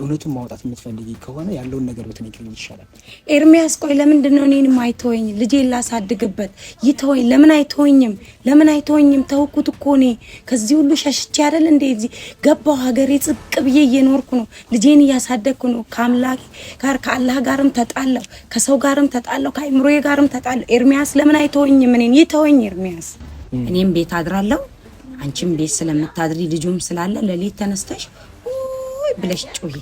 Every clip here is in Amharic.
እውነቱን ማውጣት የምትፈልጊ ከሆነ ያለውን ነገር ብትነግሪኝ ይሻላል። ኤርሚያስ ቆይ ለምንድን ነው እኔንም አይተወኝ? ልጄን ላሳድግበት ይተወኝ? ለምን አይተወኝም? ለምን አይተወኝም? ተውኩት እኮ እኔ ከዚህ ሁሉ ሸሽቼ አይደል እንደ እዚህ ገባሁ። ሀገሬ ጽቅ ብዬ እየኖርኩ ነው። ልጄን እያሳደግኩ ነው። ከአምላክ ጋር ከአላህ ጋርም ተጣላሁ፣ ከሰው ጋርም ተጣላሁ፣ ከአይምሮዬ ጋርም ተጣላሁ። ኤርሚያስ ለምን አይተወኝም? እኔን ይተወኝ ኤርሚያስ። እኔም ቤት አድራለሁ፣ አንቺም ቤት ስለምታድሪ ልጁም ስላለ ለሌት ተነስተሽ ብለሽ ጩሂ፣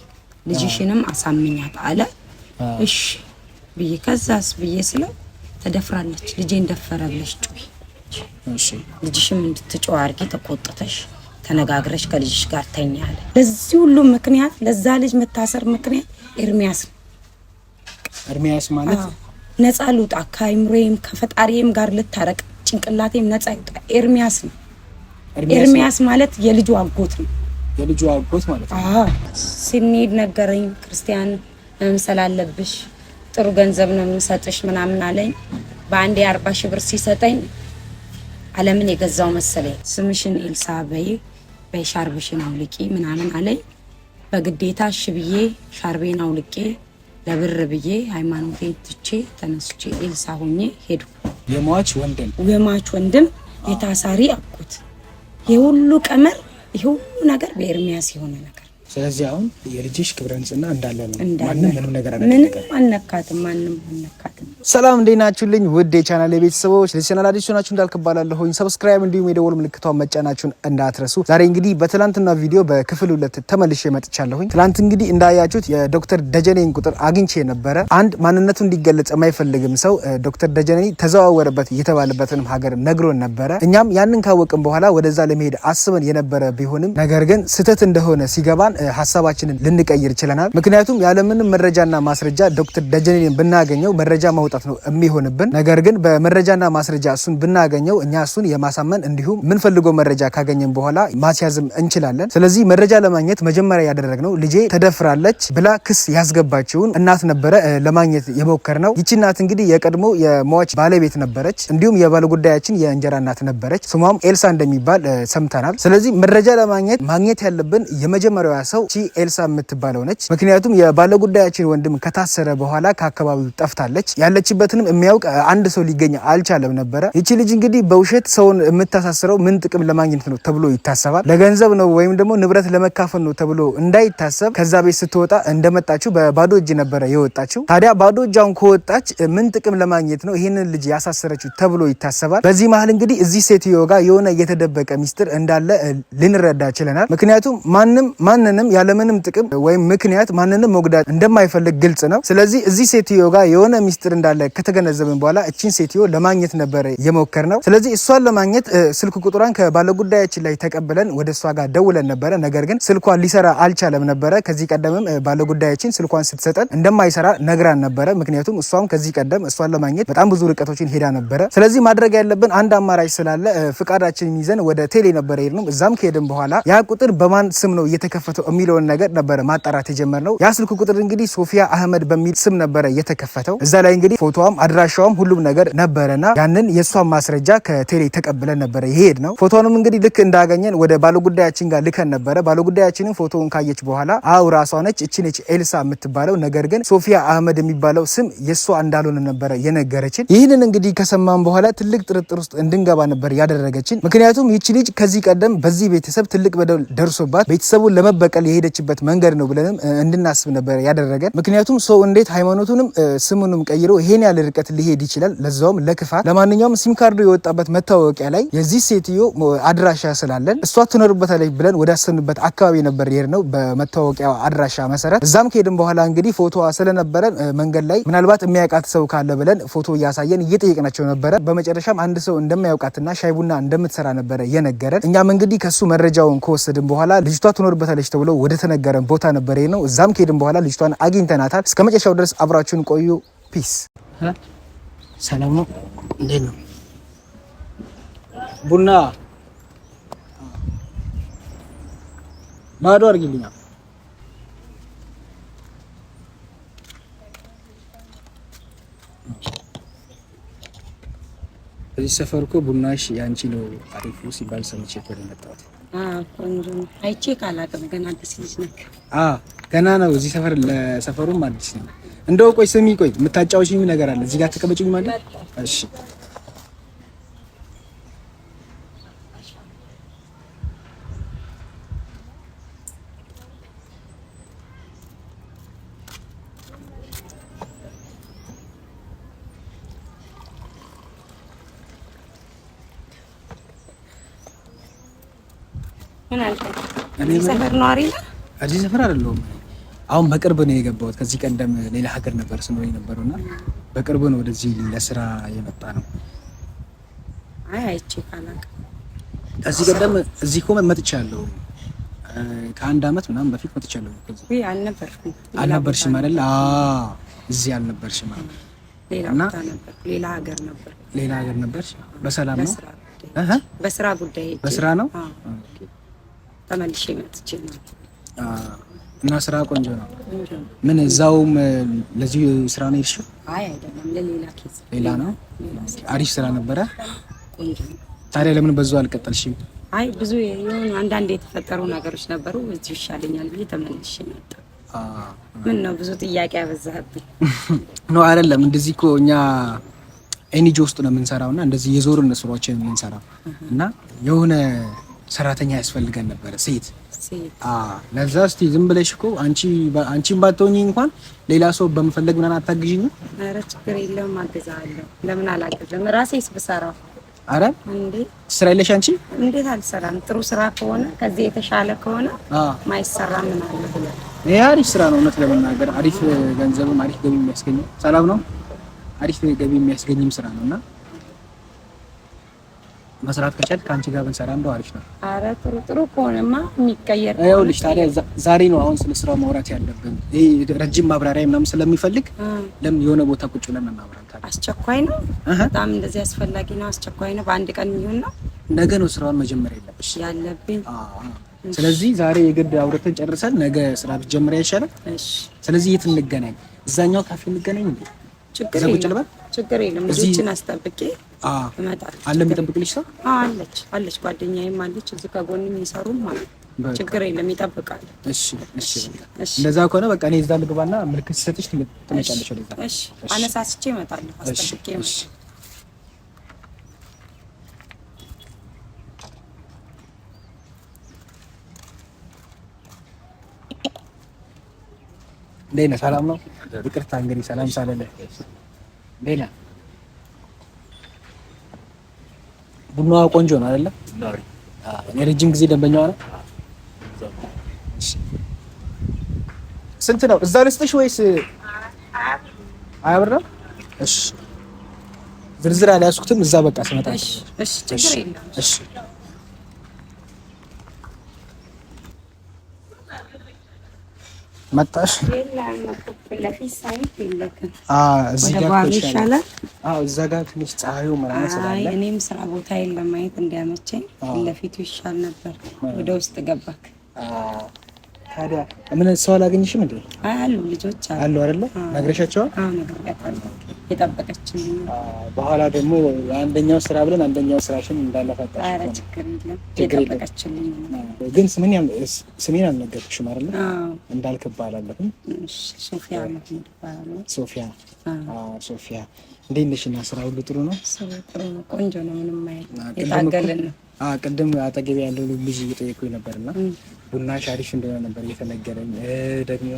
ልጅሽንም አሳምኛት አለ። እሺ ብዬ ከዛስ ብዬ ስለው ተደፍራለች፣ ልጄን ደፈረ ብለሽ ጩሂ፣ ልጅሽም እንድትጮህ አድርጌ ተቆጥተሽ ተነጋግረሽ ከልጅሽ ጋር ተኛ አለ። ለዚህ ሁሉ ምክንያት ለዛ ልጅ መታሰር ምክንያት ኤርሚያስ ነው። ኤርሚያስ ማለት ነፃ ልውጣ ከአይምሮዬም ከፈጣሪም ጋር ልታረቅ ጭንቅላቴም ነፃ ይውጣ ኤርሚያስ ነው። ኤርሚያስ ማለት የልጁ አጎት ነው። የልጁ አጎት ማለት ነው። ስንሄድ ነገረኝ። ክርስቲያን መምሰል አለብሽ፣ ጥሩ ገንዘብ ነው የምሰጥሽ ምናምን አለኝ። በአንድ የአርባ ሺህ ብር ሲሰጠኝ አለምን የገዛው መሰለኝ። ስምሽን ኤልሳ በይ በይ ሻርብሽን አውልቂ ምናምን አለኝ። በግዴታ እሺ ብዬ ሻርቤን አውልቄ ለብር ብዬ ሃይማኖቴ ትቼ ተነስቼ ኤልሳ ሆኜ ሄድኩ። የሟች ወንድም የሟች ወንድም የታሳሪ አጎት የሁሉ ቀመር ይህ ሁሉ ነገር በኤርሚያስ የሆነ ነገር ስለዚህ አሁን የልጅሽ ክብረ ንጽህና እንዳለ ነው። ማንም ምንም ነገር ምንም አልነካትም። ማንም አነካትም። ሰላም እንዴት ናችሁልኝ? ውድ የቻናል የቤተሰቦች ለዚህ ቻናል አዲስ ሆናችሁ እንዳልክባላለሁኝ ሰብስክራይብ፣ እንዲሁም የደወል ምልክቷን መጫናችሁን እንዳትረሱ። ዛሬ እንግዲህ በትላንትና ቪዲዮ በክፍል ሁለት ተመልሼ መጥቻለሁኝ። ትላንት እንግዲህ እንዳያችሁት የዶክተር ደጀኔን ቁጥር አግኝቼ ነበረ። አንድ ማንነቱ እንዲገለጽ የማይፈልግም ሰው ዶክተር ደጀኔ ተዘዋወረበት እየተባለበትንም ሀገር ነግሮን ነበረ። እኛም ያንን ካወቅን በኋላ ወደዛ ለመሄድ አስበን የነበረ ቢሆንም ነገር ግን ስህተት እንደሆነ ሲገባን ሀሳባችንን ልንቀይር ችለናል። ምክንያቱም ያለምንም መረጃና ማስረጃ ዶክተር ደጀኔን ብናገኘው መረጃ ማውጣት ነው የሚሆንብን። ነገር ግን በመረጃና ማስረጃ እሱን ብናገኘው እኛ እሱን የማሳመን እንዲሁም የምንፈልገው መረጃ ካገኘን በኋላ ማስያዝም እንችላለን። ስለዚህ መረጃ ለማግኘት መጀመሪያ ያደረግነው ልጄ ተደፍራለች ብላ ክስ ያስገባችውን እናት ነበረ ለማግኘት ነው ይቺ እናት እንግዲህ የቀድሞ የሟች ባለቤት ነበረች፣ እንዲሁም የባለጉዳያችን የእንጀራ እናት ነበረች። ስሟም ኤልሳ እንደሚባል ሰምተናል። ስለዚህ መረጃ ለማግኘት ማግኘት ያለብን የመጀመሪያ ሰው ቺ ኤልሳ የምትባለው ነች። ምክንያቱም የባለ ጉዳያችን ወንድም ከታሰረ በኋላ ከአካባቢው ጠፍታለች። ያለችበትንም የሚያውቅ አንድ ሰው ሊገኝ አልቻለም ነበረ። ይቺ ልጅ እንግዲህ በውሸት ሰውን የምታሳስረው ምን ጥቅም ለማግኘት ነው ተብሎ ይታሰባል። ለገንዘብ ነው ወይም ደግሞ ንብረት ለመካፈል ነው ተብሎ እንዳይታሰብ ከዛ ቤት ስትወጣ እንደመጣችው በባዶ እጅ ነበረ የወጣችው። ታዲያ ባዶ እጃውን ከወጣች ምን ጥቅም ለማግኘት ነው ይህንን ልጅ ያሳሰረችው ተብሎ ይታሰባል። በዚህ መሀል እንግዲህ እዚህ ሴትዮ ጋር የሆነ የተደበቀ ሚስጥር እንዳለ ልንረዳ ችለናል። ምክንያቱም ማንም ማንንም ማንም ያለምንም ጥቅም ወይም ምክንያት ማንንም መጉዳት እንደማይፈልግ ግልጽ ነው። ስለዚህ እዚህ ሴትዮ ጋር የሆነ ሚስጥር እንዳለ ከተገነዘብን በኋላ እቺን ሴትዮ ለማግኘት ነበረ የሞከር ነው። ስለዚህ እሷን ለማግኘት ስልክ ቁጥሯን ከባለጉዳያችን ላይ ተቀብለን ወደ እሷ ጋር ደውለን ነበረ። ነገር ግን ስልኳን ሊሰራ አልቻለም ነበረ። ከዚህ ቀደምም ባለጉዳያችን ስልኳን ስትሰጠን እንደማይሰራ ነግራን ነበረ። ምክንያቱም እሷም ከዚህ ቀደም እሷን ለማግኘት በጣም ብዙ ርቀቶችን ሄዳ ነበረ። ስለዚህ ማድረግ ያለብን አንድ አማራጭ ስላለ ፍቃዳችንን ይዘን ወደ ቴሌ ነበረ ሄድነው። እዛም ከሄድን በኋላ ያ ቁጥር በማን ስም ነው እየተከፈተው የሚለውን ነገር ነበረ ማጣራት የጀመርነው። ያ ስልክ ቁጥር እንግዲህ ሶፊያ አህመድ በሚል ስም ነበረ የተከፈተው። እዛ ላይ እንግዲህ ፎቶዋም አድራሻዋም ሁሉም ነገር ነበረና ያንን የእሷን ማስረጃ ከቴሌ ተቀብለን ነበረ ይሄድ ነው። ፎቶንም እንግዲህ ልክ እንዳገኘን ወደ ባለጉዳያችን ጋር ልከን ነበረ። ባለጉዳያችንን ፎቶውን ካየች በኋላ አው ራሷ ነች ነች ኤልሳ የምትባለው ነገር ግን ሶፊያ አህመድ የሚባለው ስም የእሷ እንዳልሆነ ነበረ የነገረችን። ይህንን እንግዲህ ከሰማን በኋላ ትልቅ ጥርጥር ውስጥ እንድንገባ ነበር ያደረገችን። ምክንያቱም ይቺ ልጅ ከዚህ ቀደም በዚህ ቤተሰብ ትልቅ በደል ደርሶባት ቤተሰቡን ለመበቀል መስቀል የሄደችበት መንገድ ነው ብለንም እንድናስብ ነበር ያደረገን። ምክንያቱም ሰው እንዴት ሃይማኖቱንም ስሙንም ቀይሮ ይሄን ያለ ርቀት ሊሄድ ይችላል? ለዛውም ለክፋት። ለማንኛውም ሲም ካርዱ የወጣበት መታወቂያ ላይ የዚህ ሴትዮ አድራሻ ስላለን እሷ ትኖርበታለች ብለን ወዳሰንበት አካባቢ ነበር የሄድነው በመታወቂያ አድራሻ መሰረት። እዛም ከሄድን በኋላ እንግዲህ ፎቶዋ ስለነበረ መንገድ ላይ ምናልባት የሚያውቃት ሰው ካለ ብለን ፎቶ እያሳየን እየጠየቅናቸው ነበረ። በመጨረሻም አንድ ሰው እንደማያውቃትና ሻይ ቡና እንደምትሰራ ነበረ የነገረን። እኛም እንግዲህ ከሱ መረጃውን ከወሰድን በኋላ ልጅቷ ትኖርበታለች ተብሎ ተብሎ ወደ ተነገረን ቦታ ነበር ነው። እዛም ከሄድን በኋላ ልጅቷን አግኝተናታል። እስከ መጨረሻው ድረስ አብራችሁን ቆዩ። ፒስ። ሰላም ነው። እንዴት ነው? ቡና ባዶ አድርጊልኛ። በዚህ ሰፈር እኮ ቡናሽ ያንቺ ነው አሪፉ ሲባል ሰምቼ እኮ ነው የመጣሁት። ቆንጆ ነው። አይቼ ካላቅም አዲስ ልጅ ገና ነው እዚህ ሰፈር፣ ለሰፈሩም አዲስ ነው። እንደው ቆይ ስሚ፣ ቆይ የምታጫወችኝ ነገር አለ እዚህ ጋር ተቀመጭኝ ማለት እሺ እዚህ ሰፈር ነዋሪ ነህ? እዚህ ሰፈር አይደለሁም። አሁን በቅርብ ነው የገባሁት። ከዚህ ቀደም ሌላ ሀገር ነበር ስኖር የነበረው እና በቅርብ ነው ወደዚህ ለስራ የመጣ ነው። አይ አይቼ አላውቅም። ከዚህ ቀደም እዚህ እኮ መጥቻለሁ። ከአንድ አመት ምናምን በፊት መጥቻለሁ። ከዚህ አልነበርሽም አይደል? እዚህ አልነበርሽም አይደል? ሌላ ሀገር ነበር። ሌላ ሀገር ነበር። በሰላም ነው። በስራ ጉዳይ በስራ ነው። ተመልሼ መጥቼ ነው እና ስራ ቆንጆ ነው። ምን እዛውም ለዚህ ስራ ነው የሄድሽው? አይ አይደለም፣ ለሌላ ኬዝ ሌላ ነው። አሪፍ ስራ ነበረ። ታዲያ ለምን በዛው አልቀጠልሽም? አይ ብዙ የሆኑ አንዳንድ የተፈጠሩ ነገሮች ነበሩ። እዚሁ ይሻለኛል ብዬ ተመልሼ መጣ። ምን ነው ብዙ ጥያቄ ያበዛህብኝ ነው? አይደለም እንደዚህ እኮ እኛ ኤንጂ ውስጥ ነው የምንሰራው እና እንደዚህ የዞርን ስራዎችን የምንሰራው እና የሆነ ሰራተኛ ያስፈልገን ነበረ ሴት። ለዛ እስቲ ዝም ብለሽ እኮ አንቺን ባትሆኚ እንኳን ሌላ ሰው በመፈለግ ምናምን አታግዥኝ። ኧረ ችግር የለውም አግዛለሁ። ለምን አላግዝም? ራሴስ ብሰራው። ኧረ ስራ የለሽ አንቺ? እንዴት አልሰራም? ጥሩ ስራ ከሆነ ከዚህ የተሻለ ከሆነ ማይሰራ ምን አለ? ይሄ አሪፍ ስራ ነው። እውነት ለመናገር አሪፍ ገንዘብም አሪፍ ገቢ የሚያስገኝ ሰላም ነው። አሪፍ ገቢ የሚያስገኝም ስራ ነው እና መስራት ከቻል ከአንቺ ጋር ብንሰራ እንደው አሪፍ ነው። አረ ጥሩ ጥሩ ከሆነማ የሚቀየር ይኸውልሽ። ታዲያ ዛሬ ነው አሁን ስለ ስራው ማውራት ያለብን። ይሄ ረጅም ማብራሪያ ምናምን ስለሚፈልግ ለምን የሆነ ቦታ ቁጭ ብለን እናብራራት። አስቸኳይ ነው በጣም እንደዚህ አስፈላጊ ነው። አስቸኳይ ነው። በአንድ ቀን የሚሆን ነው። ነገ ነው ስራውን መጀመር ያለብሽ ያለብኝ። ስለዚህ ዛሬ የግድ አውርተን ጨርሰን ነገ ስራ ብትጀምሪያ ይሻላል። ስለዚህ የት እንገናኝ? እዛኛው ካፌ እንገናኝ። ችግር የለም ችግር የለም። ልጆችን አስጠብቄ እመጣለሁ። አለ የሚጠብቅልሽ ሰው አለች አለች፣ ጓደኛዬም አለች እዚህ ከጎን የሚሰሩም አለ። ችግር የለም፣ ይጠብቃል። እሺ፣ እሺ። እንደዛ ከሆነ በቃ እኔ እዛ ልግባና ምልክት ሲሰጥሽ ትመጫለሽ ወደ እሺ፣ አነሳስቼ እመጣለሁ፣ አስጠብቄ እመጣለሁ። እንዴት ነህ? ሰላም ነው? ይቅርታ እንግዲህ ሰላም ሳለለ ሌላ ቡናዋ ቆንጆ ነው አይደለም? እኔ ረጅም ጊዜ ደንበኛዋ ነው። ስንት ነው? እዛ ልስጥሽ ወይስ አያብር እሺ፣ ዝርዝር አልያዝኩትም። እዛ በቃ ስመጣ እሺ፣ እሺ፣ ችግር የለም። እሺ እሺ ችግር እሺ መጣሽ እዛ ጋር ትንሽ ፀሐዩ ምናምን ስላለ እኔም ስራ ቦታዬን ለማየት እንዲያመቸኝ ለፊቱ ይሻል ነበር። ወደ ውስጥ ገባክ ታዲያ ምን ሰው አላገኝሽም እንዴ? አሉ ልጆች አሉ አይደለ? ነግረሻቸዋል? አዎ ነግሬያታለሁ። የጠበቀችኝ በኋላ ደግሞ አንደኛው ስራ ብለን አንደኛው ስራሽን እንዳለፈጣሽ። ኧረ ችግር የለም የጠበቀችኝ። ግን ስሜን ስሜን አልነገርኩሽም አይደለ? እንዳልክ እባላለሁ። ሶፊያ መሐመድ እባላለሁ። ሶፊያ ሶፊያ፣ እንዴት ነሽ? እና ስራ ሁሉ ጥሩ ነው? ጥሩ ቆንጆ ነው። ምንም አይደል። የታገልን ነው ቅድም አጠገቤ ያለው ልጅ እየጠየኩኝ ነበር እና ቡና አሪፍ እንደሆነ ነበር እየተነገረኝ ደግሞ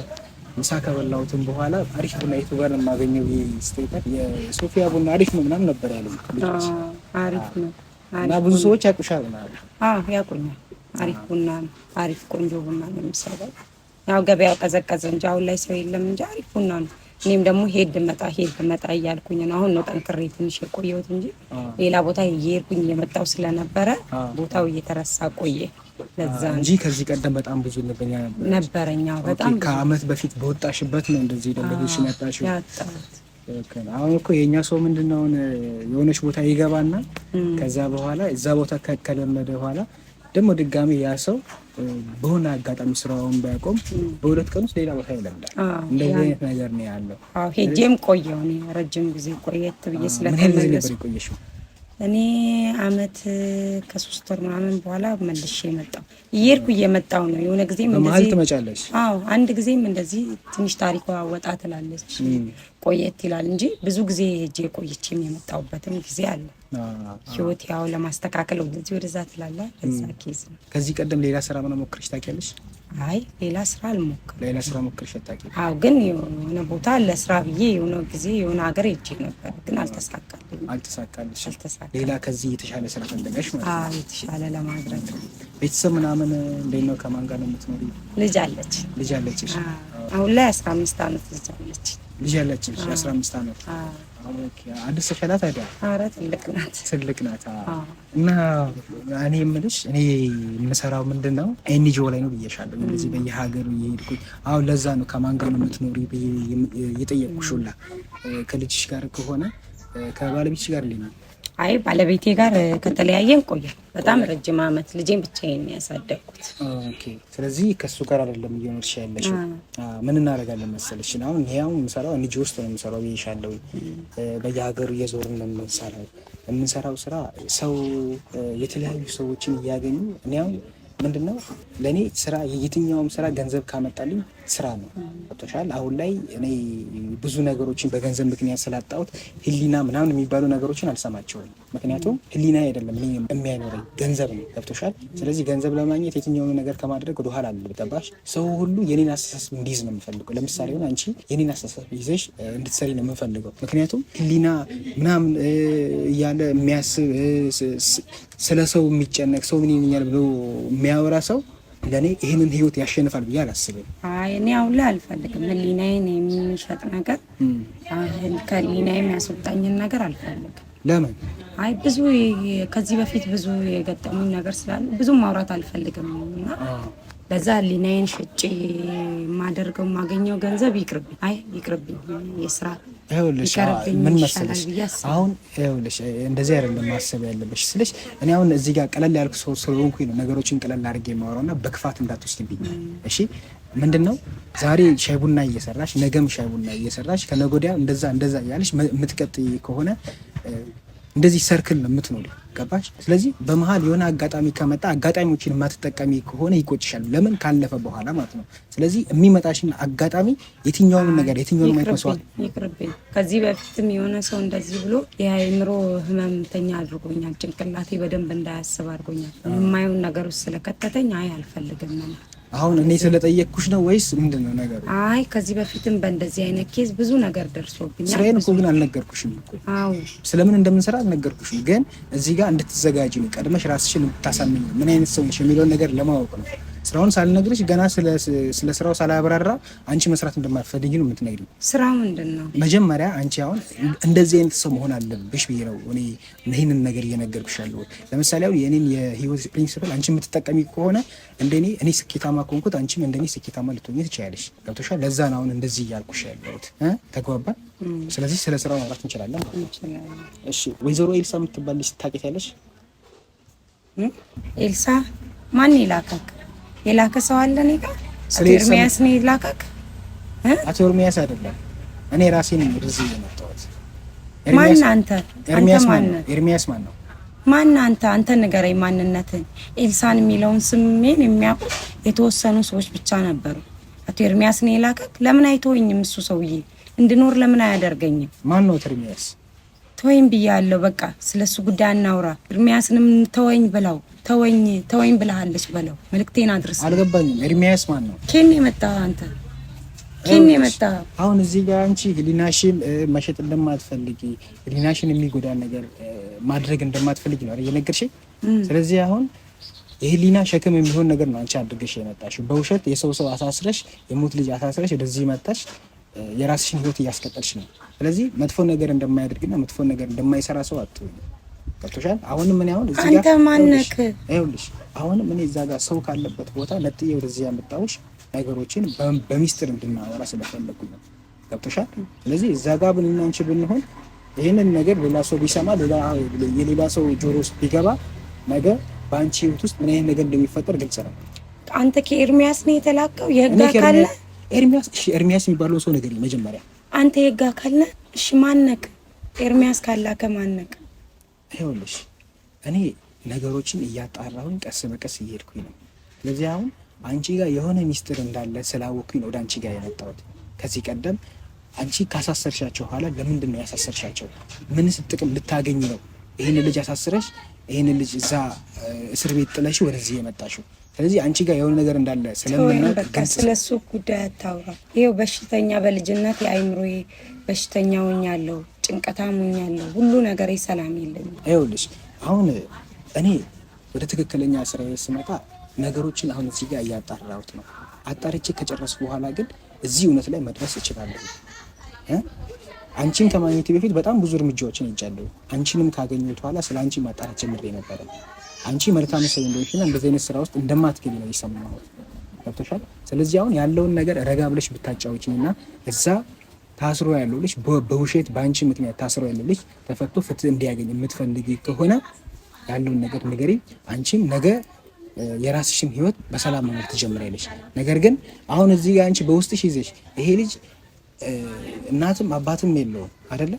ምሳ ከበላሁትም በኋላ አሪፍ ቡና የቱ ጋር የማገኘው ስጠይቀር የሶፊያ ቡና አሪፍ ነው ምናምን ነበር ያለኝ። አሪፍ ነው እና ብዙ ሰዎች ያቁሻል ምናምን ያቁኛል። አሪፍ ቡና ነው፣ አሪፍ ቆንጆ ቡና ነው የሚሰራው። ያው ገበያው ቀዘቀዘ እንጂ አሁን ላይ ሰው የለም እንጂ አሪፍ ቡና ነው። እኔም ደግሞ ሄድ መጣ ሄድ መጣ እያልኩኝ ነው። አሁን ነው ጠንክሬ ትንሽ የቆየሁት እንጂ ሌላ ቦታ እየሄድኩኝ እየመጣሁ ስለነበረ ቦታው እየተረሳ ቆየ። ለዛ እንጂ ከዚህ ቀደም በጣም ብዙ ደንበኛ ነበረኛ። በጣም ከአመት በፊት በወጣሽበት ነው እንደዚህ ደንበኞች ያጣሽው። አሁን እኮ የእኛ ሰው ምንድን ነው የሆነች ቦታ ይገባና ከዛ በኋላ እዛ ቦታ ከለመደ በኋላ ደግሞ ድጋሚ ያ ሰው በሆነ አጋጣሚ ስራውን ባያቆም በሁለት ቀን ውስጥ ሌላ ቦታ ይለምዳል። እንደዚህ አይነት ነገር ነው ያለው። ሄጄም ቆየሁ ረጅም ጊዜ ቆየት ብዬ ስለተመለሱ እኔ አመት ከሶስት ወር ምናምን በኋላ መልሼ የመጣው እየሄድኩ እየመጣው ነው። የሆነ ጊዜም መሀል ትመጫለች። አዎ አንድ ጊዜም እንደዚህ ትንሽ ታሪኳ ወጣ ትላለች፣ ቆየት ይላል እንጂ ብዙ ጊዜ ሄጄ ቆይቼም የመጣውበትም ጊዜ አለ። ህይወት ያው ለማስተካከል ወደዚህ ወደዛ ትላለ። ከዛ ኬዝ ነው። ከዚህ ቀደም ሌላ ስራ ምን ሞክረሽ ታውቂያለሽ? አይ ሌላ ስራ አልሞክር። ሌላ ስራ ሞክር አታውቂም? አዎ፣ ግን የሆነ ቦታ ለስራ ብዬ የሆነ ጊዜ የሆነ ሀገር ሄጄ ነበር፣ ግን አልተሳካልሽ? አልተሳካልሽም? ሌላ ከዚህ የተሻለ ስራ ፈለገሽ ማለት ነው? አዎ፣ የተሻለ ለማድረግ ቤተሰብ ምናምን እንዴት ነው? ከማን ጋር ነው የምትኖሪ? ልጅ አለች። ልጅ አለች። አሁን ላይ አስራ አምስት አመት ልጅ አለች። ልጅ አለች። አስራ አምስት አመት አዲስ ተሻላት አይደል? ኧረ ትልቅ ናት፣ ትልቅ ናት። እና እኔ የምልሽ እኔ የምሰራው ምንድን ነው ኤንጂኦ ላይ ነው ብዬሻለሁ። እንደዚህ በየሀገሩ እየሄድኩኝ አሁን ለዛ ነው ከማን ጋር ነው የምትኖሪ የጠየቅኩሽ ሁላ ከልጅሽ ጋር ከሆነ ከባለቤትሽ ጋር ሌ ነው? አይ ባለቤቴ ጋር ከተለያየን ቆያል በጣም ረጅም ዓመት ልጄን ብቻዬን ያሳደግኩት። ስለዚህ ከእሱ ጋር አይደለም እየኖርሽ ያለሽው። ምን እናደርጋለን መሰለሽ አሁን ይሄ አሁን የምሰራው ኤንጂኦ ውስጥ ነው የምሰራው ብዬሻለሁ። በየሀገሩ እየዞርን ነው የምንሰራው የምንሰራው ስራ ሰው የተለያዩ ሰዎችን እያገኙ እኔ አሁን ምንድነው ለእኔ ስራ የትኛውም ስራ ገንዘብ ካመጣልኝ ስራ ነው። ቶሻል አሁን ላይ እኔ ብዙ ነገሮችን በገንዘብ ምክንያት ስላጣሁት ህሊና ምናምን የሚባሉ ነገሮችን አልሰማቸውም። ምክንያቱም ህሊና አይደለም የሚያኖረኝ ገንዘብ ነው። ገብቶሻል። ስለዚህ ገንዘብ ለማግኘት የትኛውን ነገር ከማድረግ ወደኋላ አለ። ገባሽ? ሰው ሁሉ የኔን አስተሳሰብ እንዲይዝ ነው የምፈልገው። ለምሳሌ ሆን አንቺ የኔን አስተሳሰብ ይዘሽ እንድትሰሪ ነው የምፈልገው። ምክንያቱም ህሊና ምናምን እያለ የሚያስብ ስለ ሰው የሚጨነቅ ሰው ምን ይኛል ብሎ የሚያወራ ሰው ለእኔ ይህንን ህይወት ያሸንፋል ብዬ አላስብም። እኔ አሁን ላይ አልፈልግም። ህሊናዬን የሚሸጥ ነገር ከህሊናዬም የሚያስወጣኝን ነገር አልፈልግም። ለምን? አይ ብዙ ከዚህ በፊት ብዙ የገጠሙኝ ነገር ስላለ ብዙ ማውራት አልፈልግም እና ለዛ ህሊናዬን ሽጬ የማደርገው የማገኘው ገንዘብ ይቅርብኝ፣ አይ ይቅርብኝ የስራ ይኸውልሽ ምን መሰለሽ፣ አሁን ይኸውልሽ እንደዚህ አይደለም ማሰብ ያለብሽ ስልሽ፣ እኔ አሁን እዚህ ጋር ቀለል ያልኩ ሰው ስለሆንኩኝ ነው ነገሮችን ቀለል አድርጌ የማወራውና በክፋት እንዳትወስድብኝ እሺ። ምንድን ነው ዛሬ ሻይ ቡና እየሰራሽ ነገም ሻይ ቡና እየሰራሽ ከነገ ወዲያ እንደዛ እንደዛ እያለሽ ምትቀጥይ ከሆነ እንደዚህ ሰርክል ነው የምትኖሪ፣ ገባሽ? ስለዚህ በመሀል የሆነ አጋጣሚ ከመጣ አጋጣሚዎችን የማትጠቀሚ ከሆነ ይቆጭሻል። ለምን ካለፈ በኋላ ማለት ነው። ስለዚህ የሚመጣሽን አጋጣሚ የትኛውንም ነገር የትኛውንም አይነት መስዋዕት ይቅርብኝ። ከዚህ በፊትም የሆነ ሰው እንደዚህ ብሎ የአእምሮ ህመምተኛ አድርጎኛል። ጭንቅላቴ በደንብ እንዳያስብ አድርጎኛል። የማየውን ነገር ውስጥ ስለከተተኝ አይ አልፈልግም ነው አሁን እኔ ስለጠየቅኩሽ ነው ወይስ ምንድን ነው ነገር? አይ ከዚህ በፊትም በእንደዚህ አይነት ኬዝ ብዙ ነገር ደርሶብኛል። ስራዬን እኮ ግን አልነገርኩሽም እኮ። አዎ ስለምን እንደምንሰራ አልነገርኩሽም፣ ግን እዚህ ጋር እንድትዘጋጅ ነው ቀድመሽ ራስሽን እንድታሳምኝ ምን አይነት ሰው ነሽ የሚለውን ነገር ለማወቅ ነው። ስራውን ሳልነግርሽ ገና ስለ ስራው ሳላብራራ አንቺ መስራት እንደማትፈልጊ ነው የምትነግሪኝ። ስራው ምንድን ነው? መጀመሪያ አንቺ አሁን እንደዚህ አይነት ሰው መሆን አለብሽ ብዬ ነው እኔ ይህንን ነገር እየነገርኩሽ ያለሁት። ለምሳሌ አሁን የእኔን የህይወት ፕሪንሲፕል አንቺ የምትጠቀሚ ከሆነ እንደኔ እኔ ስኬታማ ከሆንኩት አንቺም እንደኔ ስኬታማ ልትሆኚ ትችያለሽ። ገብቶሻል? ለዛ ነው አሁን እንደዚህ እያልኩሽ ያለሁት። ተግባባል? ስለዚህ ስለ ስራው ማውራት እንችላለን እሺ ወይዘሮ ኤልሳ የምትባል ልጅ ታውቂያታለሽ? ኤልሳ ማን ይላካል? የላከ ሰው አለ እኔ ጋር። አቶ ኤርሚያስ ነው የላከክ? አቶ ኤርሚያስ አይደለም፣ እኔ ራሴ ነኝ ወደዚህ የመጣሁት። ማን አንተ? ኤርሚያስ ማን ነው? ኤርሚያስ ማን ነው? ማን አንተ? አንተ ንገረኝ ማንነትን። ኤልሳን የሚለውን ስሜን የሚያውቁ የተወሰኑ ሰዎች ብቻ ነበሩ። አቶ ኤርሚያስ ነው የላከክ? ለምን አይተወኝም? እሱ ሰውዬ እንድኖር ለምን አያደርገኝም? ማን ነው ኤርሚያስ? ተወኝ ብያለሁ። በቃ ስለሱ ጉዳይ አናውራ። ኤርሚያስንም ተወኝ ብለው ተወኝ ተወኝ ብለሃለች በለው። መልክቴን አድርስ። አልገባኝም። ኤርሚያስ ማን ነው? ኬን የመጣ አንተ ኬን የመጣ አሁን እዚህ ጋር አንቺ ህሊናሽን መሸጥ እንደማትፈልጊ ህሊናሽን የሚጎዳ ነገር ማድረግ እንደማትፈልጊ ነው እየነገርሽ። ስለዚህ አሁን የህሊና ሸክም የሚሆን ነገር ነው አንቺ አድርገሽ የመጣሽው። በውሸት የሰው ሰው አሳስረሽ የሞት ልጅ አሳስረሽ ወደዚህ መጣሽ። የራስሽን ህይወት እያስቀጠልሽ ነው። ስለዚህ መጥፎ ነገር እንደማያደርግና መጥፎ ነገር እንደማይሰራ ሰው አትሆኝ። ገብቶሻል። አሁንም ምን ያሁን እዚህ ጋር አንተ ማነክ ይኸውልሽ፣ አሁንም እኔ እዛ ጋር ሰው ካለበት ቦታ ነጥዬ ወደዚህ ያመጣሁሽ ነገሮችን በሚስጥር እንድናወራ ስለፈለጉ ነው። ገብቶሻል። ስለዚህ እዛ ጋር ብንና አንቺ ብንሆን ይህንን ነገር ሌላ ሰው ቢሰማ ሌላ የሌላ ሰው ጆሮ ውስጥ ቢገባ ነገር በአንቺ ህይወት ውስጥ ምን አይነት ነገር እንደሚፈጠር ግልጽ ነው። አንተ ከኤርሚያስ ነው የተላከው የህግ አካል ነህ። ኤርሚያስ እሺ፣ ኤርሚያስ የሚባለው ሰው ነገር መጀመሪያ አንተ የህግ አካል ነህ። እሺ፣ ማነክ ኤርሚያስ ካላከ ማነክ ይኸውልሽ እኔ ነገሮችን እያጣራሁኝ ቀስ በቀስ እየሄድኩኝ ነው። ስለዚህ አሁን አንቺ ጋር የሆነ ሚስጥር እንዳለ ስላወኩኝ ወደ አንቺ ጋር የመጣሁት። ከዚህ ቀደም አንቺ ካሳሰርሻቸው ኋላ ለምንድን ነው ያሳሰርሻቸው? ምንስ ጥቅም ልታገኝ ነው? ይህን ልጅ አሳስረሽ ይህን ልጅ እዛ እስር ቤት ጥለሽ ወደዚህ የመጣሽው? ስለዚህ አንቺ ጋር የሆነ ነገር እንዳለ ስለምናውቅ ስለሱ ጉዳይ አታውራ። ይኸው በሽተኛ በልጅነት የአይምሮ በሽተኛ ሆኛለሁ ጭንቀት አሞኛለሁ፣ ሁሉ ነገሬ ሰላም የለኝም። ይኸውልሽ አሁን እኔ ወደ ትክክለኛ ስራዬ ስመጣ ነገሮችን አሁን እዚህ ጋር እያጣራሁት ነው። አጣርቼ ከጨረስኩ በኋላ ግን እዚህ እውነት ላይ መድረስ እችላለሁ። አንቺን ከማግኘት በፊት በጣም ብዙ እርምጃዎችን ይጃለሁ። አንቺንም ካገኘሁት በኋላ ስለ አንቺ ማጣራት ጀምሬ ነበረ። አንቺ መልካም ሰው እንደሆንሽና እንደዚህ አይነት ስራ ውስጥ እንደማትገቢ ነው የሰማሁት። ገብቶሻል። ስለዚህ አሁን ያለውን ነገር ረጋ ብለሽ ብታጫወችኝና እዛ ታስሮ ያለው ልጅ በውሸት በአንቺ ምክንያት ታስሮ ያለው ልጅ ተፈቶ ፍትህ እንዲያገኝ የምትፈልጊ ከሆነ ያለውን ነገር ንገሪ። አንቺም ነገ የራስሽን ህይወት በሰላም መኖር ትጀምሪያለሽ። ነገር ግን አሁን እዚህ አንቺ በውስጥሽ ይዘሽ ይሄ ልጅ እናትም አባትም የለውም አይደለ?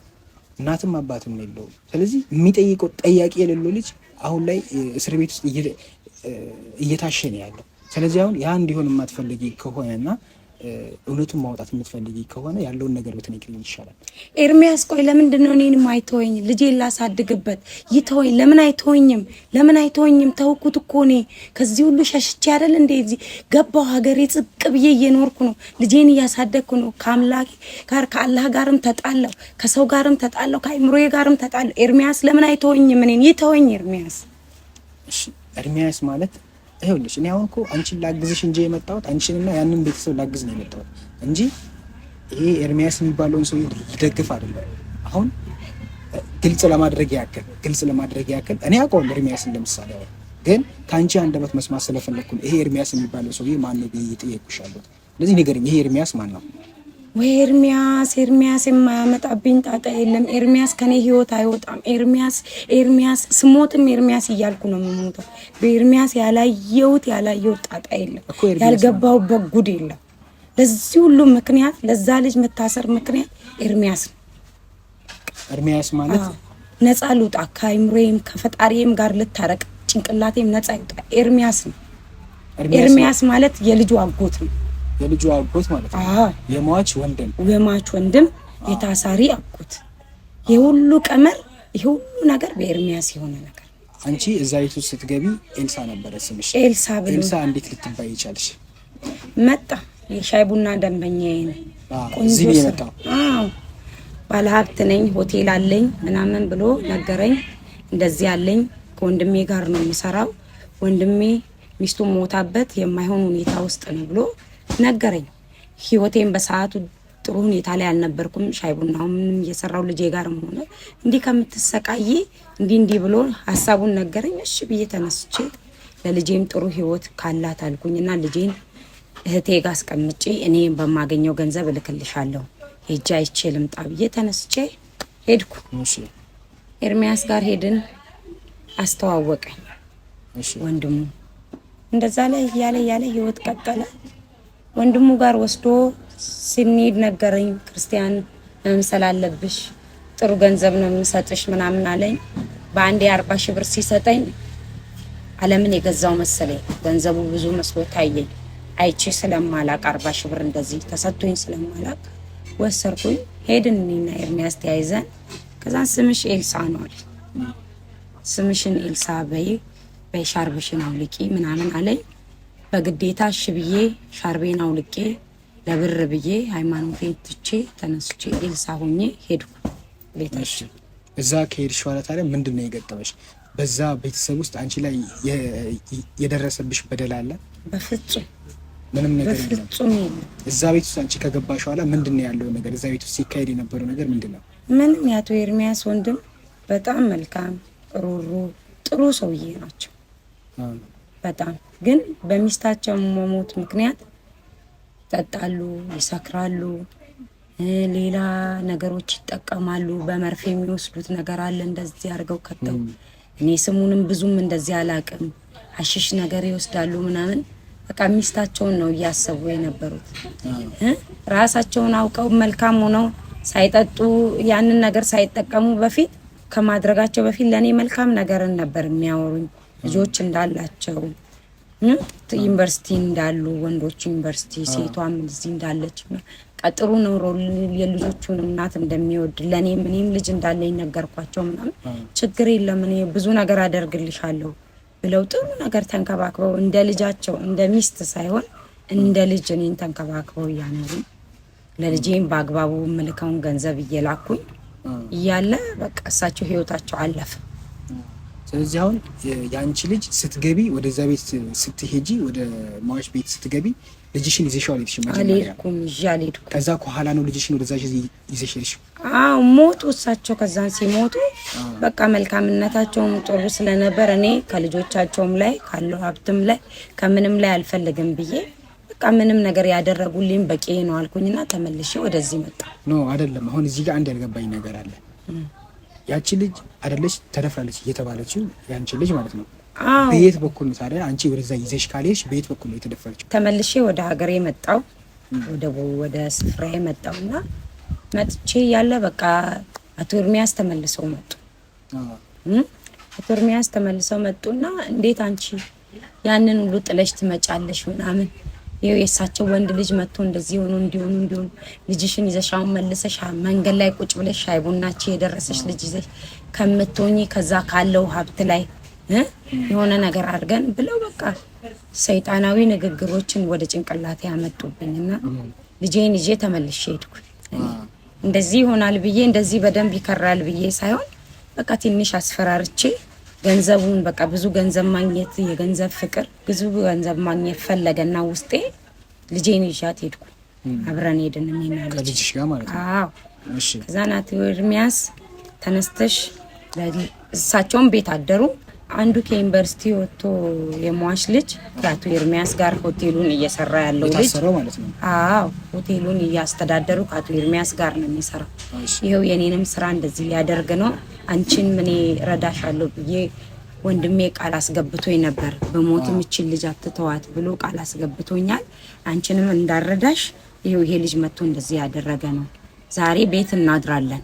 እናትም አባትም የለውም። ስለዚህ የሚጠይቀው ጠያቂ የሌለው ልጅ አሁን ላይ እስር ቤት ውስጥ እየታሸ ነው ያለው። ስለዚህ አሁን ያ እንዲሆን የማትፈልጊ ከሆነና እውነቱን ማውጣት የምትፈልጊ ከሆነ ያለውን ነገር ብትነግሪኝ ይሻላል። ኤርሚያስ ቆይ ለምንድን ነው እኔንም አይተወኝ? ልጄን ላሳድግበት ይተወኝ። ለምን አይተወኝም? ለምን አይተወኝም? ተውኩት እኮ እኔ ከዚህ ሁሉ ሸሽቼ አይደል እንደዚህ ገባው ሀገሬ ጽቅ ብዬ እየኖርኩ ነው። ልጄን እያሳደግኩ ነው። ከአምላክ ጋር ከአላህ ጋርም ተጣለው፣ ከሰው ጋርም ተጣለው፣ ከአይምሮዬ ጋርም ተጣለው። ኤርሚያስ ለምን አይተወኝም? እኔን ይተወኝ ኤርሚያስ። ኤርሚያስ ማለት ይኸውልሽ እኔ አሁን እኮ አንቺን ላግዝሽ እንጂ የመጣሁት አንቺንና ያንን ቤተሰብ ላግዝ ነው የመጣሁት እንጂ ይሄ ኤርሚያስ የሚባለውን ሰው ይደግፍ አይደለም። አሁን ግልጽ ለማድረግ ያክል ግልጽ ለማድረግ ያክል እኔ አውቀዋለሁ ኤርሚያስ እንደምሳሌ አሁን ግን ከአንቺ አንደበት መስማት ስለፈለግኩ ይሄ ኤርሚያስ የሚባለው ሰውዬ ማን ነው ብዬ እጠየቅኩሻለሁ። ስለዚህ ንገሪኝ፣ ይሄ ኤርሚያስ ማን ነው? ወይ ኤርሚያስ ኤርሚያስ የማያመጣብኝ ጣጣ የለም። ኤርሚያስ ከኔ ህይወት አይወጣም። ኤርሚያስ ኤርሚያስ ስሞትም ኤርሚያስ እያልኩ ነው የምሞተው። በኤርሚያስ ያላየሁት ያላየሁት ጣጣ የለም፣ ያልገባሁበት ጉድ የለም። ለዚህ ሁሉ ምክንያት ለዛ ልጅ መታሰር ምክንያት ኤርሚያስ ነው። ኤርሚያስ ማለት ነፃ ልውጣ ከአይምሮዬም ከፈጣሪም ጋር ልታረቅ ጭንቅላቴም ነፃ ይውጣ ኤርሚያስ ነው። ኤርሚያስ ማለት የልጁ አጎት ነው። የልጁ አጎት ማለት ነው። የሟች ወንድም የሟች ወንድም የታሳሪ አጎት። የሁሉ ቀመር የሁሉ ነገር በኤርሚያስ የሆነ ነገር አንቺ እዛ ቤት ውስጥ ስትገቢ ኤልሳ ነበረ ስምሽ። ኤልሳ ብሎ ኤልሳ እንዴት ልትባይ ይቻልሽ? መጣ የሻይ ቡና ደንበኛ ነው። እዚህ ነው የመጣው። አዎ ባለሀብት ነኝ ሆቴል አለኝ ምናምን ብሎ ነገረኝ። እንደዚህ አለኝ ከወንድሜ ጋር ነው የምሰራው። ወንድሜ ሚስቱን ሞታበት የማይሆን ሁኔታ ውስጥ ነው ብሎ ነገረኝ። ህይወቴን በሰዓቱ ጥሩ ሁኔታ ላይ አልነበርኩም። ሻይ ቡናው ምንም እየሰራው ልጄ ጋርም ሆነ እንዲህ ከምትሰቃይ እንዲህ እንዲህ ብሎ ሀሳቡን ነገረኝ። እሺ ብዬ ተነስቼ ለልጄም ጥሩ ህይወት ካላት አልኩኝና ልጄን እህቴ ጋ አስቀምጬ እኔ በማገኘው ገንዘብ እልክልሻለሁ ሄጄ አይቼ ልምጣ ብዬ ተነስቼ ሄድኩ። ኤርሚያስ ጋር ሄድን። አስተዋወቀኝ ወንድሙ። እንደዛ ላይ እያለ እያለ ህይወት ቀጠለ። ወንድሙ ጋር ወስዶ ስንሄድ ነገረኝ። ክርስቲያን መምሰል አለብሽ፣ ጥሩ ገንዘብ ነው የምሰጥሽ ምናምን አለኝ። በአንድ የአርባ ሺህ ብር ሲሰጠኝ ዓለምን የገዛው መሰለኝ። ገንዘቡ ብዙ መስሎ ታየኝ። አይቼ ስለማላቅ አርባ ሺህ ብር እንደዚህ ተሰጥቶኝ ስለማላቅ ወሰርኩኝ። ሄድን እኔና ኤርሚያስ ተያይዘን፣ ከዛን ስምሽ ኤልሳ ነው አለኝ። ስምሽን ኤልሳ በይ በይ ሻርብሽን አውልቂ ምናምን አለኝ። በግዴታ ሽብዬ ሻርቤና ሻርቤን አውልቄ ለብር ብዬ ሃይማኖቴን ትቼ ተነስቼ ኤልሳ ሆኜ ሄድኩ። ቤተሽ እዛ ከሄድሽ በኋላ ታዲያ ምንድን ነው የገጠመሽ? በዛ ቤተሰብ ውስጥ አንቺ ላይ የደረሰብሽ በደል አለ? በፍጹም ምንም ነገር በፍጹም። እዛ ቤት ውስጥ አንቺ ከገባሽ በኋላ ምንድን ነው ያለው ነገር? እዛ ቤት ውስጥ ሲካሄድ የነበረው ነገር ምንድን ነው? ምንም። የአቶ ኤርሚያስ ወንድም በጣም መልካም፣ ሩሩ፣ ጥሩ ሰውዬ ናቸው በጣም ግን በሚስታቸው መሞት ምክንያት ይጠጣሉ፣ ይሰክራሉ፣ ሌላ ነገሮች ይጠቀማሉ። በመርፌ የሚወስዱት ነገር አለ። እንደዚህ አድርገው ከተው እኔ ስሙንም ብዙም እንደዚህ አላቅም። አሽሽ ነገር ይወስዳሉ ምናምን በቃ ሚስታቸውን ነው እያሰቡ የነበሩት። ራሳቸውን አውቀው መልካም ሆነው ሳይጠጡ ያንን ነገር ሳይጠቀሙ በፊት ከማድረጋቸው በፊት ለእኔ መልካም ነገርን ነበር የሚያወሩኝ ልጆች እንዳላቸው ዩኒቨርሲቲ እንዳሉ ወንዶች ዩኒቨርሲቲ፣ ሴቷም እዚህ እንዳለች ቀጥሩ ኑሮ የልጆቹን እናት እንደሚወድ ለእኔ እኔም ልጅ እንዳለ ነገርኳቸው። ምናምን ችግር የለም እኔ ብዙ ነገር አደርግልሻለሁ ብለው ጥሩ ነገር ተንከባክበው እንደ ልጃቸው እንደ ሚስት ሳይሆን እንደ ልጅ እኔን ተንከባክበው እያኖሩ ለልጄም በአግባቡ ምልከውን ገንዘብ እየላኩኝ እያለ በቃ እሳቸው ህይወታቸው አለፈ። ስለዚህ አሁን የአንቺ ልጅ ስትገቢ ወደዛ ቤት ስትሄጂ ወደ ማዎች ቤት ስትገቢ ልጅሽን ይዘሽው አልሄድሽም። አልሄድኩም፣ ይዤ አልሄድኩም። ከዛ ከኋላ ነው ልጅሽን ወደዛ ይዘሽ ሄድሽ። አዎ ሞቱ እሳቸው። ከዛን ሲሞቱ በቃ መልካምነታቸውም ጥሩ ስለነበር እኔ ከልጆቻቸውም ላይ ካለው ሀብትም ላይ ከምንም ላይ አልፈልግም ብዬ በቃ ምንም ነገር ያደረጉልኝ በቂ ነው አልኩኝና ተመልሼ ወደዚህ መጣ። ኖ አይደለም። አሁን እዚህ ጋር አንድ ያልገባኝ ነገር አለ ያቺ ልጅ አይደለች ተደፍራለች እየተባለች ያንቺ ልጅ ማለት ነው። በየት በኩል ነው ታዲያ አንቺ ወደዛ ይዘሽ ካልሄድሽ በየት በኩል ነው የተደፈረችው? ተመልሼ ወደ ሀገሬ መጣው ወደ ወደ ስፍራ መጣው እና መጥቼ ያለ በቃ አቶ እርሚያስ ተመልሰው መጡ። አቶ እርሚያስ ተመልሰው መጡና እንዴት አንቺ ያንን ሁሉ ጥለሽ ትመጫለሽ ምናምን ይኸው የእሳቸው ወንድ ልጅ መጥቶ እንደዚህ ሆኖ እንዲሆኑ እንዲሆኑ ልጅሽን ይዘሻውን መልሰሽ መንገድ ላይ ቁጭ ብለሽ ሻይ የደረሰች የደረሰሽ ልጅ ይዘሽ ከምትሆኚ ከዛ ካለው ሀብት ላይ የሆነ ነገር አድርገን ብለው በቃ ሰይጣናዊ ንግግሮችን ወደ ጭንቅላቴ ያመጡብኝ እና ልጄን ይዤ ተመልሼ ሄድኩ። እንደዚህ ይሆናል ብዬ እንደዚህ በደንብ ይከራል ብዬ ሳይሆን በቃ ትንሽ አስፈራርቼ ገንዘቡን በቃ ብዙ ገንዘብ ማግኘት የገንዘብ ፍቅር ብዙ ገንዘብ ማግኘት ፈለገና ውስጤ ልጄን ይዣት ሄድኩ። አብረን ሄድን ልጅሽ ጋር ማለት ነው። ከዛ ኤርሚያስ ተነስተሽ እሳቸውን ቤት አደሩ። አንዱ ከዩኒቨርሲቲ ወጥቶ የሟች ልጅ ከአቶ ኤርሚያስ ጋር ሆቴሉን እየሰራ ያለው ልጅ አዎ፣ ሆቴሉን እያስተዳደሩ ከአቶ ኤርሚያስ ጋር ነው የሚሰራው። ይኸው የኔንም ስራ እንደዚህ ሊያደርግ ነው። አንቺን እኔ ረዳሻለሁ ብዬ ወንድሜ ቃል አስገብቶኝ ነበር። በሞት የምችል ልጅ አትተዋት ብሎ ቃል አስገብቶኛል። አንቺንም እንዳረዳሽ ይሄው ይሄ ልጅ መጥቶ እንደዚህ ያደረገ ነው። ዛሬ ቤት እናድራለን።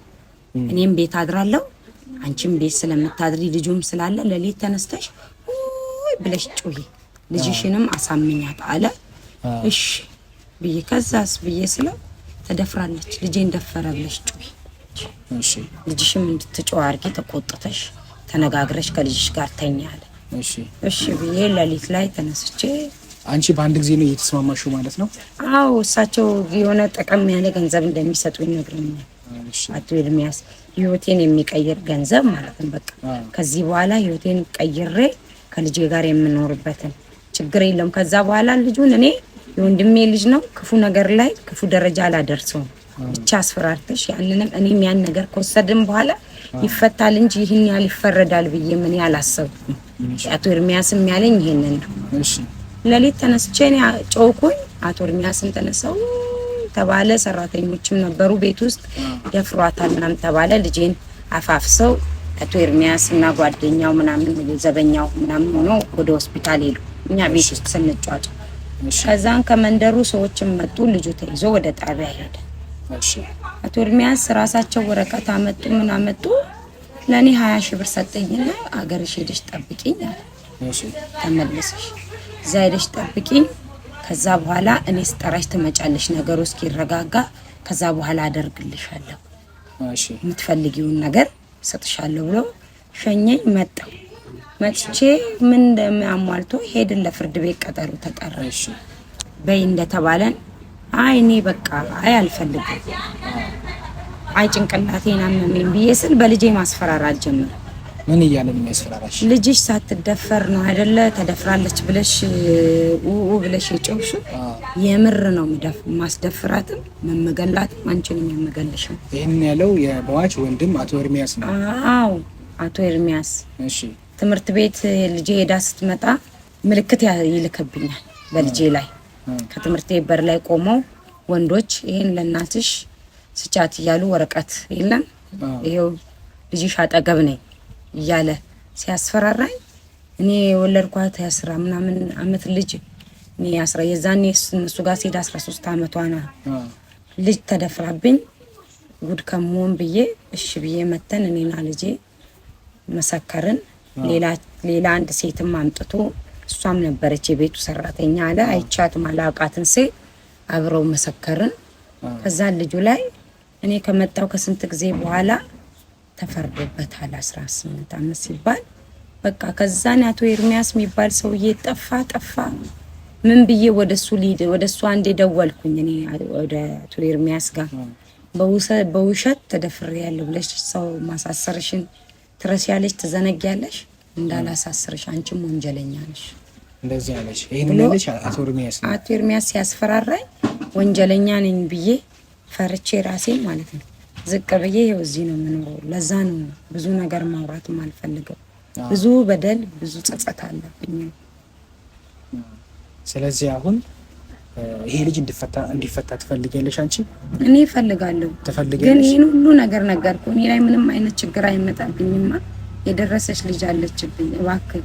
እኔም ቤት አድራለሁ። አንቺም ቤት ስለምታድሪ ልጁም ስላለ ለሌት ተነስተሽ ውይ ብለሽ ጩይ፣ ልጅሽንም አሳምኛት አለ። እሺ ብዬ ከዛስ ብዬ ስለው ተደፍራለች፣ ልጄን ደፈረ ብለሽ ጩይ እሺ ልጅሽም እንድትጮህ አድርጌ ተቆጥተሽ ተነጋግረሽ ከልጅሽ ጋር ተኛለ። እሺ እሺ ብዬ ለሊት ላይ ተነስቼ አንቺ በአንድ ጊዜ ነው እየተስማማሽው ማለት ነው? አዎ እሳቸው የሆነ ጠቀም ያለ ገንዘብ እንደሚሰጡ ይነግረኛል። አቶ ኤልሚያስ ህይወቴን የሚቀይር ገንዘብ ማለት ነው። በቃ ከዚህ በኋላ ህይወቴን ቀይሬ ከልጄ ጋር የምኖርበትን ችግር የለውም ከዛ በኋላ ልጁን እኔ የወንድሜ ልጅ ነው፣ ክፉ ነገር ላይ ክፉ ደረጃ አላደርሰውም። ብቻ አስፈራርተሽ ያንንም እኔም ያን ነገር ከወሰድን በኋላ ይፈታል እንጂ ይህን ያህል ይፈረዳል ብዬ ምን አላሰብኩም። አቶ ኤርሚያስም ያለኝ ይህንን ነው። ለሊት ተነስቼ እኔ ጮኩኝ። አቶ ኤርሚያስም ተነሳው ተባለ። ሰራተኞችም ነበሩ ቤት ውስጥ ደፍሯታል ምናምን ተባለ። ልጄን አፋፍሰው አቶ ኤርሚያስ እና ጓደኛው ምናምን ዘበኛው ምናምን ሆኖ ወደ ሆስፒታል ሄዱ። እኛ ቤት ውስጥ ስንጫጫ ከዛን ከመንደሩ ሰዎችም መጡ። ልጁ ተይዞ ወደ ጣቢያ ሄደ። አቶ ኤርሚያስ ራሳቸው ወረቀት አመጡ፣ ምን አመጡ። ለእኔ ሀያ ሺህ ብር ሰጠኝና አገርሽ ሄደሽ ጠብቂኝ አለ። ተመለስሽ እዛ ሄደሽ ጠብቂኝ፣ ከዛ በኋላ እኔ ስጠራሽ ትመጫለሽ፣ ነገሩ እስኪረጋጋ። ከዛ በኋላ አደርግልሻለሁ፣ የምትፈልጊውን ነገር ሰጥሻለሁ ብሎ ሸኘኝ። መጣሁ። መጥቼ ምን እንደሚያሟልቶ ሄድን። ለፍርድ ቤት ቀጠሩ ተጠራ። በይ እንደተባለን አይ እኔ በቃ አይ አልፈልግም፣ አይ ጭንቅላቴን አመመኝ ብዬ ስል በልጄ ማስፈራራት ጀመረ። ምን እያለ ነው ያስፈራራሽ? ልጅሽ ሳትደፈር ነው አይደለ ተደፍራለች ብለሽ ኡኡ ብለሽ የጮብሽ የምር ነው ማስደፍራትም መመገላትም አንቺንም የምገልሽም። ይህን ያለው የበዋች ወንድም አቶ ኤርሚያስ ነው። አዎ አቶ ኤርሚያስ። እሺ ትምህርት ቤት ልጄ ሄዳ ስትመጣ ምልክት ይልክብኛል በልጄ ላይ ከትምህርት በር ላይ ቆመው ወንዶች ይሄን ለእናትሽ ስጫት እያሉ ወረቀት የለም ይሄው ልጅሽ አጠገብ ነኝ እያለ ሲያስፈራራኝ እኔ የወለድኳት አስራ ምናምን አመት ልጅ እኔ የዛኔ እሱ ጋር ሲሄድ አስራ ሶስት አመቷ ና ልጅ ተደፍራብኝ ጉድ ከመሆን ብዬ እሺ ብዬ መተን እኔና ልጄ መሰከርን። ሌላ አንድ ሴትም አምጥቶ እሷም ነበረች የቤቱ ሰራተኛ አለ። አይቻትም አላውቃትን ሴ አብረው መሰከርን። ከዛ ልጁ ላይ እኔ ከመጣው ከስንት ጊዜ በኋላ ተፈርዶበታል። አስራ ስምንት አመት ሲባል በቃ ከዛን አቶ ኤርሚያስ የሚባል ሰውዬ ጠፋ ጠፋ። ምን ብዬ ወደሱ ሊድ ወደሱ አንዴ ደወልኩኝ እኔ ወደ አቶ ኤርሚያስ ጋር በውሸት ተደፍሬ ያለሁ ብለሽ ሰው ማሳሰርሽን ትዘነግ ያለሽ እንዳላሳስርሽ አንቺም ወንጀለኛ ነሽ እንደዚህ አለች። ይሄን አለች። አቶ ኤርሚያስ አቶ ኤርሚያስ ሲያስፈራራኝ ወንጀለኛ ነኝ ብዬ ፈርቼ ራሴን ማለት ነው ዝቅ ብዬ ይኸው እዚህ ነው የምኖረው። ለዛ ነው ብዙ ነገር ማውራት አልፈልገው። ብዙ በደል፣ ብዙ ጸጸት አለብኝ። ስለዚህ አሁን ይሄ ልጅ እንዲፈታ እንዲፈታ ትፈልጊያለሽ አንቺ? እኔ እፈልጋለሁ። ግን ይህን ሁሉ ነገር ነገርኩ። እኔ ላይ ምንም አይነት ችግር አይመጣብኝማ። የደረሰች ልጅ አለችብኝ። እባክህ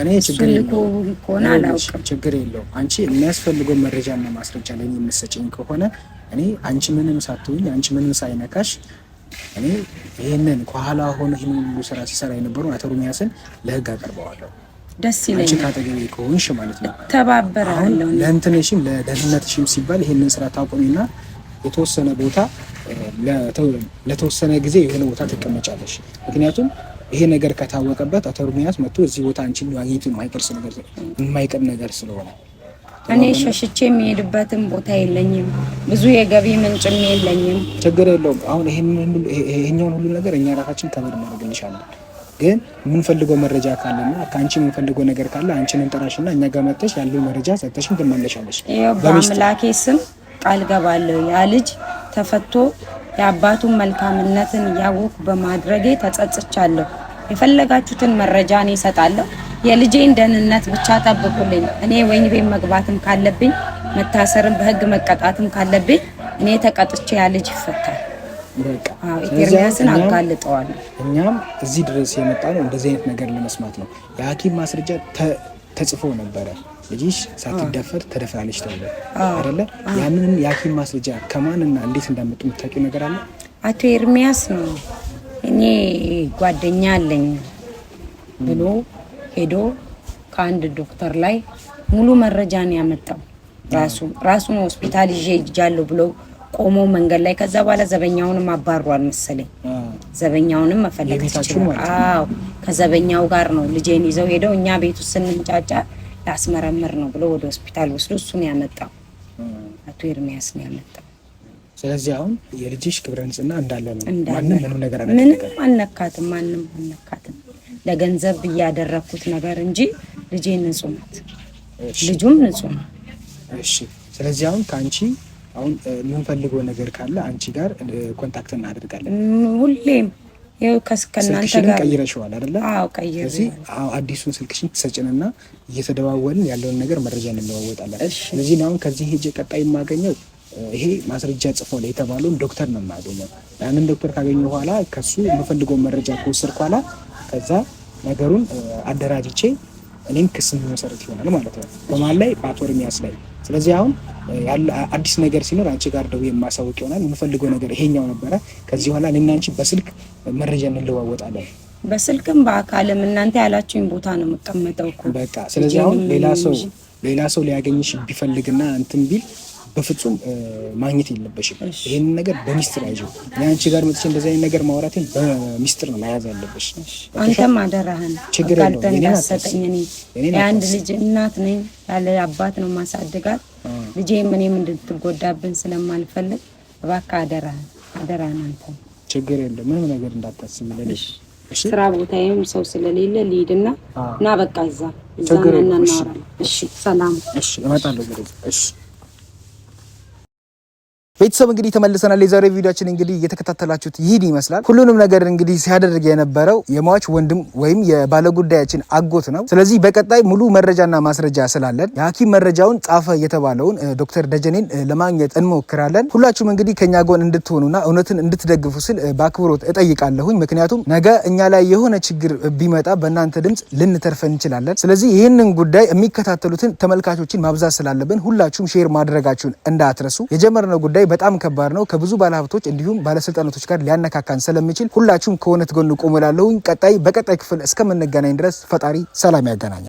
እኔ ችግር የለውም ችግር የለውም። አንቺ የሚያስፈልገው መረጃና ማስረጃ ለእኔ የምትሰጪኝ ከሆነ እኔ አንቺ ምንም ሳትሆኝ አንቺ ምንም ሳይነካሽ እኔ ይህንን ከኋላ ሆነ ይህን ሁሉ ስራ ሲሰራ የነበሩ አቶ ሩሚያስን ለህግ አቀርበዋለሁ። ደስ ይለኛል። አንቺ ካጠገቤ ከሆንሽ ማለት ነው። እተባበራለሁ። ለእንትንሽም ለደህንነትሽም ሲባል ይህንን ስራ ታቆሚና የተወሰነ ቦታ ለተወሰነ ጊዜ የሆነ ቦታ ትቀመጫለሽ። ምክንያቱም ይሄ ነገር ከታወቀበት አቶ ኤርሚያስ መጥቶ እዚህ ቦታ አንቺን ማግኘቱ የማይቀር ነገር ስለሆነ እኔ ሸሽቼ የሚሄድበትም ቦታ የለኝም፣ ብዙ የገቢ ምንጭም የለኝም። ችግር የለውም። አሁን ይሄኛውን ሁሉ ነገር እኛ ራሳችን ከበር ማድረግ እንችላለን። ግን የምንፈልገው መረጃ ካለና ከአንቺ የምንፈልገው ነገር ካለ አንቺን እንጠራሽ እንጠራሽና እኛ ጋር መጥተሽ ያለው መረጃ ሰጥተሽን ትመለሻለሽ። በአምላኬ ስም ቃል ገባለሁ ያ ልጅ ተፈቶ የአባቱን መልካምነትን እያወኩ በማድረጌ ተጸጽቻለሁ። የፈለጋችሁትን መረጃ እኔ እሰጣለሁ። የልጄን ደህንነት ብቻ ጠብቁልኝ። እኔ ወህኒ ቤት መግባትም ካለብኝ መታሰርም በህግ መቀጣትም ካለብኝ እኔ ተቀጥቼ ያ ልጅ ይፈታል። ኤርሚያስን አጋልጠዋል። እኛም እዚህ ድረስ የመጣ ነው እንደዚህ አይነት ነገር ለመስማት ነው። የሐኪም ማስረጃ ተጽፎ ነበረ። ልጅሽ ሳትደፈር ተደፍራለች ተብሎ አይደለ? ያንን የሐኪም ማስረጃ ከማንና እንዴት እንዳመጡ የምታውቂው ነገር አለ? አቶ ኤርሚያስ ነው እኔ ጓደኛ አለኝ ብሎ ሄዶ ከአንድ ዶክተር ላይ ሙሉ መረጃ ነው ያመጣው። ራሱ ራሱን ሆስፒታል ይዤ እጃለሁ ብሎ ቆሞ መንገድ ላይ ከዛ በኋላ ዘበኛውንም አባሯል መሰለኝ። ዘበኛውንም መፈለግ ከዘበኛው ጋር ነው ልጄን ይዘው ሄደው እኛ ቤት ስንንጫጫ ላስመረምር ነው ብሎ ወደ ሆስፒታል ወስዶ እሱን ያመጣው አቶ ኤርሚያስ ነው ያመጣው። ስለዚህ አሁን የልጅሽ ክብረ ንጽና እንዳለ ነው። ምንም ነገር ምንም አልነካትም፣ ማንም አልነካትም። ለገንዘብ እያደረግኩት ነገር እንጂ ልጄ ንጹህ ናት፣ ልጁም ንጹህ ነው። እሺ። ስለዚህ አሁን ከአንቺ አሁን የምንፈልገው ነገር ካለ አንቺ ጋር ኮንታክት እናደርጋለን ሁሌም ያው ከስከናንተ ጋር ቀይረሽዋል አይደለ? አዎ ቀይረ። ስለዚህ አዲሱን ስልክሽን ትሰጭንና እየተደዋወልን ያለውን ነገር መረጃ እንለዋወጣለን። ስለዚህ አሁን ከዚህ ሄጄ ቀጣይ የማገኘው ይሄ ማስረጃ ጽፏል የተባለውን ዶክተር ነው የማገኘው። ያንን ዶክተር ካገኘ በኋላ ከሱ የምፈልገውን መረጃ ከወሰድኩ በኋላ ከዛ ነገሩን አደራጅቼ እኔም ክስ መሰረት ይሆናል ማለት ነው። በማን ላይ? በአቶ ኤርሚያስ ላይ ስለዚህ አሁን አዲስ ነገር ሲኖር አንቺ ጋር ደው የማሳወቅ ይሆናል። የምፈልገው ነገር ይሄኛው ነበረ። ከዚህ በኋላ እኔና አንቺ በስልክ መረጃ እንለዋወጣለን። በስልክም በአካልም እናንተ ያላችሁኝ ቦታ ነው የምቀመጠው እኮ በቃ። ስለዚህ አሁን ሌላ ሰው ሌላ ሰው ሊያገኝሽ ቢፈልግና እንትን ቢል በፍጹም ማግኘት የለበሽም። ይህን ነገር በሚስጥር አይዞ የአንቺ ጋር መጥቼ እንደዚህ አይነት ነገር ማውራትን በሚስጥር ነው መያዝ ያለበሽ። አንተም አደራህን ጋልጠ እንዳሰጠኝ የአንድ ልጅ እናት ነኝ፣ ያለ አባት ነው ማሳድጋት። ልጄም እኔም እንድትጎዳብን ስለማልፈልግ እባክህ አደራህን፣ አደራህን አንተ ችግር የለም ምንም ነገር እንዳታስብ ለልሽ ስራ ቦታዬም ሰው ስለሌለ ልሂድና እና በቃ እዛ እዛ እናወራለን። እሺ ሰላም። እሺ እመጣለሁ። እሺ ቤተሰብ እንግዲህ ተመልሰናል። የዛሬ ቪዲዮችን እንግዲህ እየተከታተላችሁት ይህን ይመስላል። ሁሉንም ነገር እንግዲህ ሲያደርግ የነበረው የሟች ወንድም ወይም የባለጉዳያችን አጎት ነው። ስለዚህ በቀጣይ ሙሉ መረጃና ማስረጃ ስላለን የሐኪም መረጃውን ጻፈ የተባለውን ዶክተር ደጀኔን ለማግኘት እንሞክራለን። ሁላችሁም እንግዲህ ከኛ ጎን እንድትሆኑና እውነትን እንድትደግፉ ስል በአክብሮት እጠይቃለሁኝ። ምክንያቱም ነገ እኛ ላይ የሆነ ችግር ቢመጣ በእናንተ ድምፅ ልንተርፈ እንችላለን። ስለዚህ ይህንን ጉዳይ የሚከታተሉትን ተመልካቾችን ማብዛት ስላለብን ሁላችሁም ሼር ማድረጋችሁን እንዳትረሱ። የጀመርነው ጉዳይ በጣም ከባድ ነው። ከብዙ ባለሀብቶች እንዲሁም ባለስልጣናቶች ጋር ሊያነካካን ስለሚችል ሁላችሁም ከእውነት ጎን ቁሙ ቀጣይ በቀጣይ ክፍል እስከምንገናኝ ድረስ ፈጣሪ ሰላም ያገናኛል።